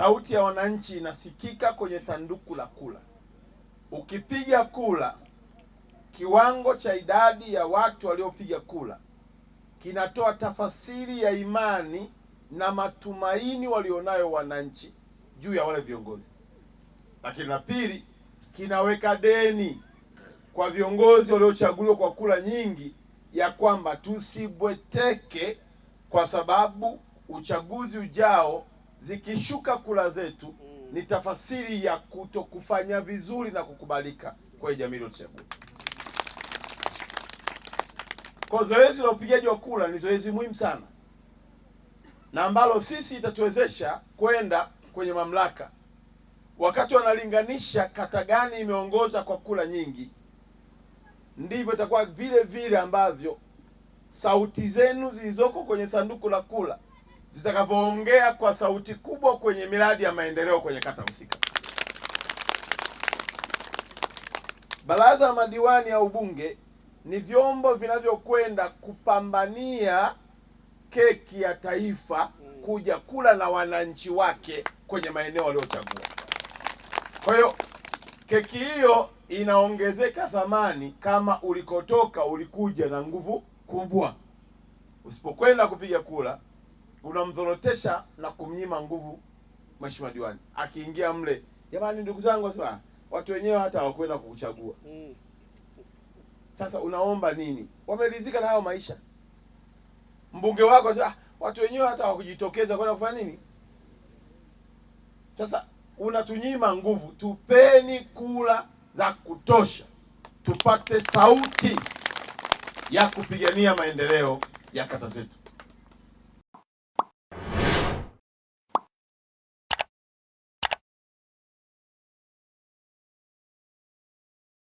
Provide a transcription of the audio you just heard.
sauti ya wananchi inasikika kwenye sanduku la kula. Ukipiga kula, kiwango cha idadi ya watu waliopiga kula kinatoa tafasiri ya imani na matumaini walionayo wananchi juu ya wale viongozi. Lakini la pili, kinaweka deni kwa viongozi waliochaguliwa kwa kula nyingi ya kwamba tusibweteke kwa sababu uchaguzi ujao zikishuka kula zetu mm. ni tafasiri ya kutokufanya vizuri na kukubalika kwa jamii iliyotuchagua. Kwa zoezi la upigaji wa kura ni zoezi muhimu sana na ambalo sisi itatuwezesha kwenda kwenye mamlaka, wakati wanalinganisha kata gani imeongoza kwa kura nyingi, ndivyo itakuwa vile vile ambavyo sauti zenu zilizoko kwenye sanduku la kura zitakavyoongea kwa sauti kubwa kwenye miradi ya maendeleo kwenye kata husika. Baraza la madiwani ya ubunge ni vyombo vinavyokwenda kupambania keki ya taifa kuja kula na wananchi wake kwenye maeneo waliochagua. Kwa hiyo keki hiyo inaongezeka thamani kama ulikotoka ulikuja na nguvu kubwa. Usipokwenda kupiga kura unamdhorotesha na kumnyima nguvu mheshimiwa diwani akiingia mle. Jamani ndugu zangu, sasa watu wenyewe hata hawakwenda kukuchagua. Mm. Sasa unaomba nini? Wameridhika na hayo maisha. Mbunge wako sasa, watu wenyewe hata hawakujitokeza kwenda kufanya nini? Sasa unatunyima nguvu. Tupeni kula za kutosha, tupate sauti ya kupigania maendeleo ya kata zetu.